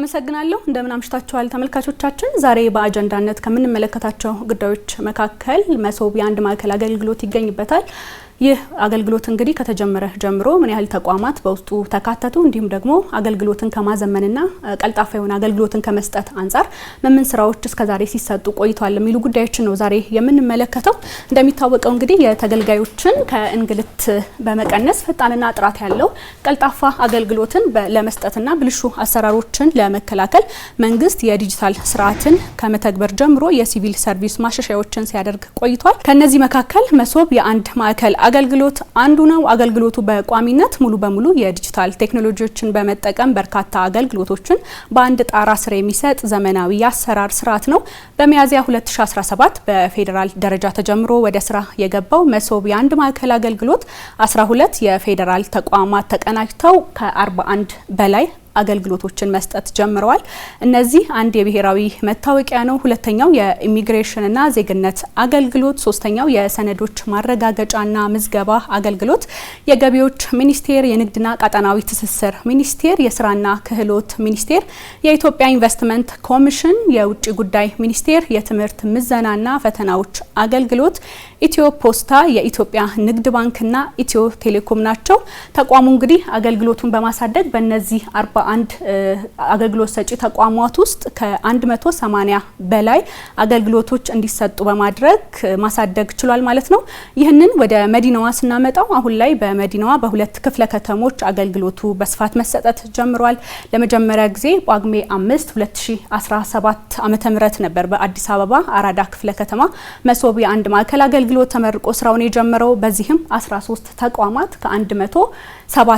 አመሰግናለሁ። እንደምን አምሽታችኋል ተመልካቾቻችን። ዛሬ በአጀንዳነት ከምንመለከታቸው ጉዳዮች መካከል መሶብ የአንድ ማዕከል አገልግሎት ይገኝበታል። ይህ አገልግሎት እንግዲህ ከተጀመረ ጀምሮ ምን ያህል ተቋማት በውስጡ ተካተቱ እንዲሁም ደግሞ አገልግሎትን ከማዘመንና ቀልጣፋ የሆነ አገልግሎትን ከመስጠት አንጻር ምን ስራዎች እስከዛሬ ሲሰጡ ቆይቷል የሚሉ ጉዳዮችን ነው ዛሬ የምንመለከተው። እንደሚታወቀው እንግዲህ የተገልጋዮችን ከእንግልት በመቀነስ ፈጣንና ጥራት ያለው ቀልጣፋ አገልግሎትን ለመስጠትና ብልሹ አሰራሮችን ለመከላከል መንግስት የዲጂታል ስርዓትን ከመተግበር ጀምሮ የሲቪል ሰርቪስ ማሻሻያዎችን ሲያደርግ ቆይቷል። ከነዚህ መካከል መሶብ የአንድ ማዕከል አገልግሎት አንዱ ነው። አገልግሎቱ በቋሚነት ሙሉ በሙሉ የዲጂታል ቴክኖሎጂዎችን በመጠቀም በርካታ አገልግሎቶችን በአንድ ጣራ ስር የሚሰጥ ዘመናዊ የአሰራር ስርዓት ነው። በሚያዝያ 2017 በፌዴራል ደረጃ ተጀምሮ ወደ ስራ የገባው መሶብ የአንድ ማዕከል አገልግሎት 12 የፌዴራል ተቋማት ተቀናጅተው ከ41 በላይ አገልግሎቶችን መስጠት ጀምረዋል። እነዚህ አንድ የብሔራዊ መታወቂያ ነው። ሁለተኛው የኢሚግሬሽንና ዜግነት አገልግሎት፣ ሶስተኛው የሰነዶች ማረጋገጫና ምዝገባ አገልግሎት የገቢዎች ሚኒስቴር፣ የንግድና ቀጠናዊ ትስስር ሚኒስቴር፣ የስራና ክህሎት ሚኒስቴር፣ የኢትዮጵያ ኢንቨስትመንት ኮሚሽን፣ የውጭ ጉዳይ ሚኒስቴር፣ የትምህርት ምዘናና ፈተናዎች አገልግሎት፣ ኢትዮ ፖስታ፣ የኢትዮጵያ ንግድ ባንክና ኢትዮ ቴሌኮም ናቸው። ተቋሙ እንግዲህ አገልግሎቱን በማሳደግ በእነዚህ አርባ በአንድ አገልግሎት ሰጪ ተቋማት ውስጥ ከ180 በላይ አገልግሎቶች እንዲሰጡ በማድረግ ማሳደግ ችሏል ማለት ነው። ይህንን ወደ መዲናዋ ስናመጣው አሁን ላይ በመዲናዋ በሁለት ክፍለ ከተሞች አገልግሎቱ በስፋት መሰጠት ጀምሯል። ለመጀመሪያ ጊዜ ጳጉሜ 5 2017 ዓ ም ነበር በአዲስ አበባ አራዳ ክፍለ ከተማ መሶብ የአንድ ማዕከል አገልግሎት ተመርቆ ስራውን የጀመረው። በዚህም 13 ተቋማት ከ107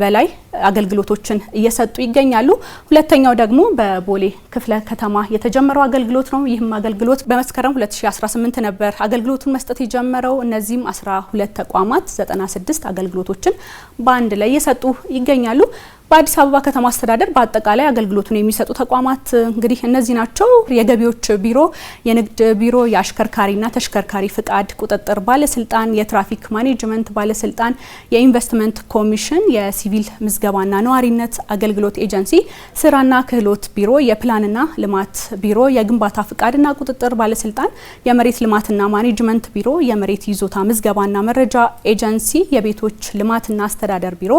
በላይ አገልግሎቶችን እየ እየሰጡ ይገኛሉ። ሁለተኛው ደግሞ በቦሌ ክፍለ ከተማ የተጀመረው አገልግሎት ነው። ይህም አገልግሎት በመስከረም 2018 ነበር አገልግሎቱን መስጠት የጀመረው። እነዚህም 12 ተቋማት 96 አገልግሎቶችን በአንድ ላይ እየሰጡ ይገኛሉ። በአዲስ አበባ ከተማ አስተዳደር በአጠቃላይ አገልግሎቱን የሚሰጡ ተቋማት እንግዲህ እነዚህ ናቸው። የገቢዎች ቢሮ፣ የንግድ ቢሮ፣ የአሽከርካሪና ተሽከርካሪ ፍቃድ ቁጥጥር ባለስልጣን፣ የትራፊክ ማኔጅመንት ባለስልጣን፣ የኢንቨስትመንት ኮሚሽን፣ የሲቪል ምዝገባና ነዋሪነት አገልግሎት ኤጀንሲ፣ ስራና ክህሎት ቢሮ፣ የፕላንና ልማት ቢሮ፣ የግንባታ ፍቃድና ቁጥጥር ባለስልጣን፣ የመሬት ልማትና ማኔጅመንት ቢሮ፣ የመሬት ይዞታ ምዝገባና መረጃ ኤጀንሲ፣ የቤቶች ልማትና አስተዳደር ቢሮ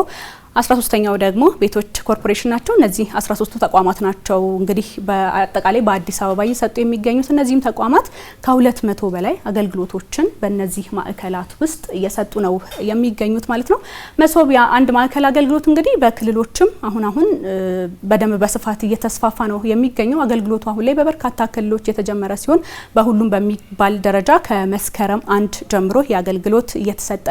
አስራ ሶስተኛው ደግሞ ቤቶች ኮርፖሬሽን ናቸው። እነዚህ አስራ ሶስቱ ተቋማት ናቸው እንግዲህ በአጠቃላይ በአዲስ አበባ እየሰጡ የሚገኙት። እነዚህም ተቋማት ከሁለት መቶ በላይ አገልግሎቶችን በእነዚህ ማዕከላት ውስጥ እየሰጡ ነው የሚገኙት ማለት ነው። መሶብ የአንድ ማዕከል አገልግሎት እንግዲህ በክልሎችም አሁን አሁን በደንብ በስፋት እየተስፋፋ ነው የሚገኘው። አገልግሎቱ አሁን ላይ በበርካታ ክልሎች የተጀመረ ሲሆን በሁሉም በሚባል ደረጃ ከመስከረም አንድ ጀምሮ የአገልግሎት እየተሰጠ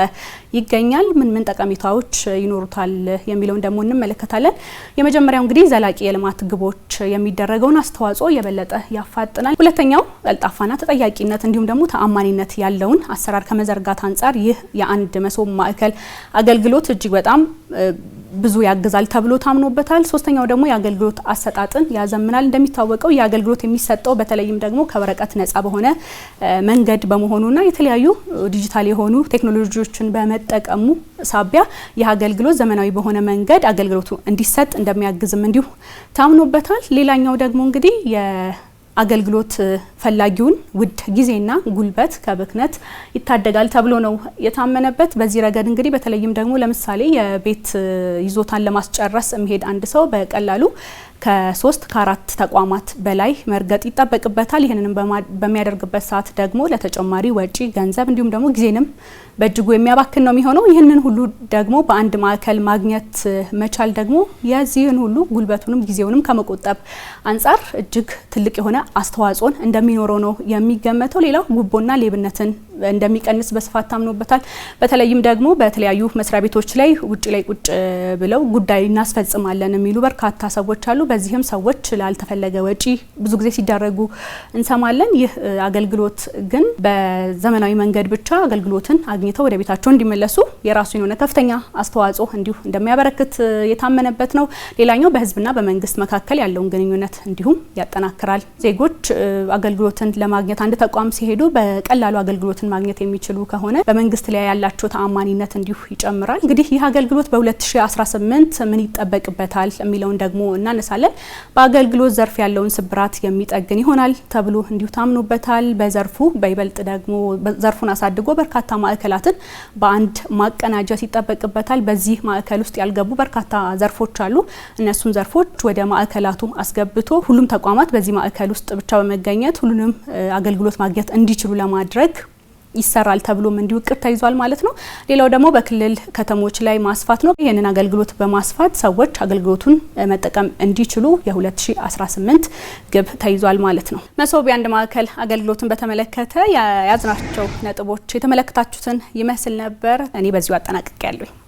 ይገኛል። ምን ምን ጠቀሜታዎች ይኖሩታል አለህ የሚለውን ደግሞ እንመለከታለን። የመጀመሪያው እንግዲህ ዘላቂ የልማት ግቦች የሚደረገውን አስተዋጽኦ የበለጠ ያፋጥናል። ሁለተኛው ቀልጣፋና ተጠያቂነት እንዲሁም ደግሞ ተአማኒነት ያለውን አሰራር ከመዘርጋት አንጻር ይህ የአንድ መሶብ ማዕከል አገልግሎት እጅግ በጣም ብዙ ያግዛል ተብሎ ታምኖበታል። ሶስተኛው ደግሞ የአገልግሎት አሰጣጥን ያዘምናል። እንደሚታወቀው የአገልግሎት የሚሰጠው በተለይም ደግሞ ከወረቀት ነጻ በሆነ መንገድ በመሆኑና የተለያዩ ዲጂታል የሆኑ ቴክኖሎጂዎችን በመጠቀሙ ሳቢያ ይህ አገልግሎት ዘመናዊ በሆነ መንገድ አገልግሎቱ እንዲሰጥ እንደሚያግዝም እንዲሁ ታምኖበታል። ሌላኛው ደግሞ እንግዲህ አገልግሎት ፈላጊውን ውድ ጊዜና ጉልበት ከብክነት ይታደጋል ተብሎ ነው የታመነበት። በዚህ ረገድ እንግዲህ በተለይም ደግሞ ለምሳሌ የቤት ይዞታን ለማስጨረስ የሚሄድ አንድ ሰው በቀላሉ ከሶስት ከአራት ተቋማት በላይ መርገጥ ይጠበቅበታል። ይህንንም በሚያደርግበት ሰዓት ደግሞ ለተጨማሪ ወጪ ገንዘብ እንዲሁም ደግሞ ጊዜንም በእጅጉ የሚያባክን ነው የሚሆነው። ይህንን ሁሉ ደግሞ በአንድ ማዕከል ማግኘት መቻል ደግሞ የዚህን ሁሉ ጉልበቱንም ጊዜውንም ከመቆጠብ አንጻር እጅግ ትልቅ የሆነ አስተዋጽኦን እንደሚኖረው ነው የሚገመተው። ሌላው ጉቦና ሌብነትን እንደሚቀንስ በስፋት ታምኖበታል። በተለይም ደግሞ በተለያዩ መስሪያ ቤቶች ላይ ውጭ ላይ ቁጭ ብለው ጉዳይ እናስፈጽማለን የሚሉ በርካታ ሰዎች አሉ። በዚህም ሰዎች ላልተፈለገ ወጪ ብዙ ጊዜ ሲዳረጉ እንሰማለን። ይህ አገልግሎት ግን በዘመናዊ መንገድ ብቻ አገልግሎትን አግኝተው ወደ ቤታቸው እንዲመለሱ የራሱ የሆነ ከፍተኛ አስተዋጽኦ እንዲሁ እንደሚያበረክት የታመነበት ነው። ሌላኛው በህዝብና በመንግስት መካከል ያለውን ግንኙነት እንዲሁም ያጠናክራል። ዜጎ ዜጎች አገልግሎትን ለማግኘት አንድ ተቋም ሲሄዱ በቀላሉ አገልግሎትን ማግኘት የሚችሉ ከሆነ በመንግስት ላይ ያላቸው ተአማኒነት እንዲሁ ይጨምራል። እንግዲህ ይህ አገልግሎት በ2018 ምን ይጠበቅበታል የሚለውን ደግሞ እናነሳለን። በአገልግሎት ዘርፍ ያለውን ስብራት የሚጠግን ይሆናል ተብሎ እንዲሁ ታምኖበታል። በዘርፉ በይበልጥ ደግሞ ዘርፉን አሳድጎ በርካታ ማዕከላትን በአንድ ማቀናጀት ይጠበቅበታል። በዚህ ማዕከል ውስጥ ያልገቡ በርካታ ዘርፎች አሉ። እነሱን ዘርፎች ወደ ማዕከላቱ አስገብቶ ሁሉም ተቋማት በዚህ ማዕከል ውስጥ ብቻ በመገኘት ሁሉንም አገልግሎት ማግኘት እንዲችሉ ለማድረግ ይሰራል ተብሎም እንዲሁ እቅድ ተይዟል ማለት ነው። ሌላው ደግሞ በክልል ከተሞች ላይ ማስፋት ነው። ይህንን አገልግሎት በማስፋት ሰዎች አገልግሎቱን መጠቀም እንዲችሉ የ2018 ግብ ተይዟል ማለት ነው። መሶብ የአንድ ማዕከል አገልግሎትን በተመለከተ የያዝናቸው ነጥቦች የተመለከታችሁትን ይመስል ነበር። እኔ በዚሁ አጠናቅቄ ያለኝ።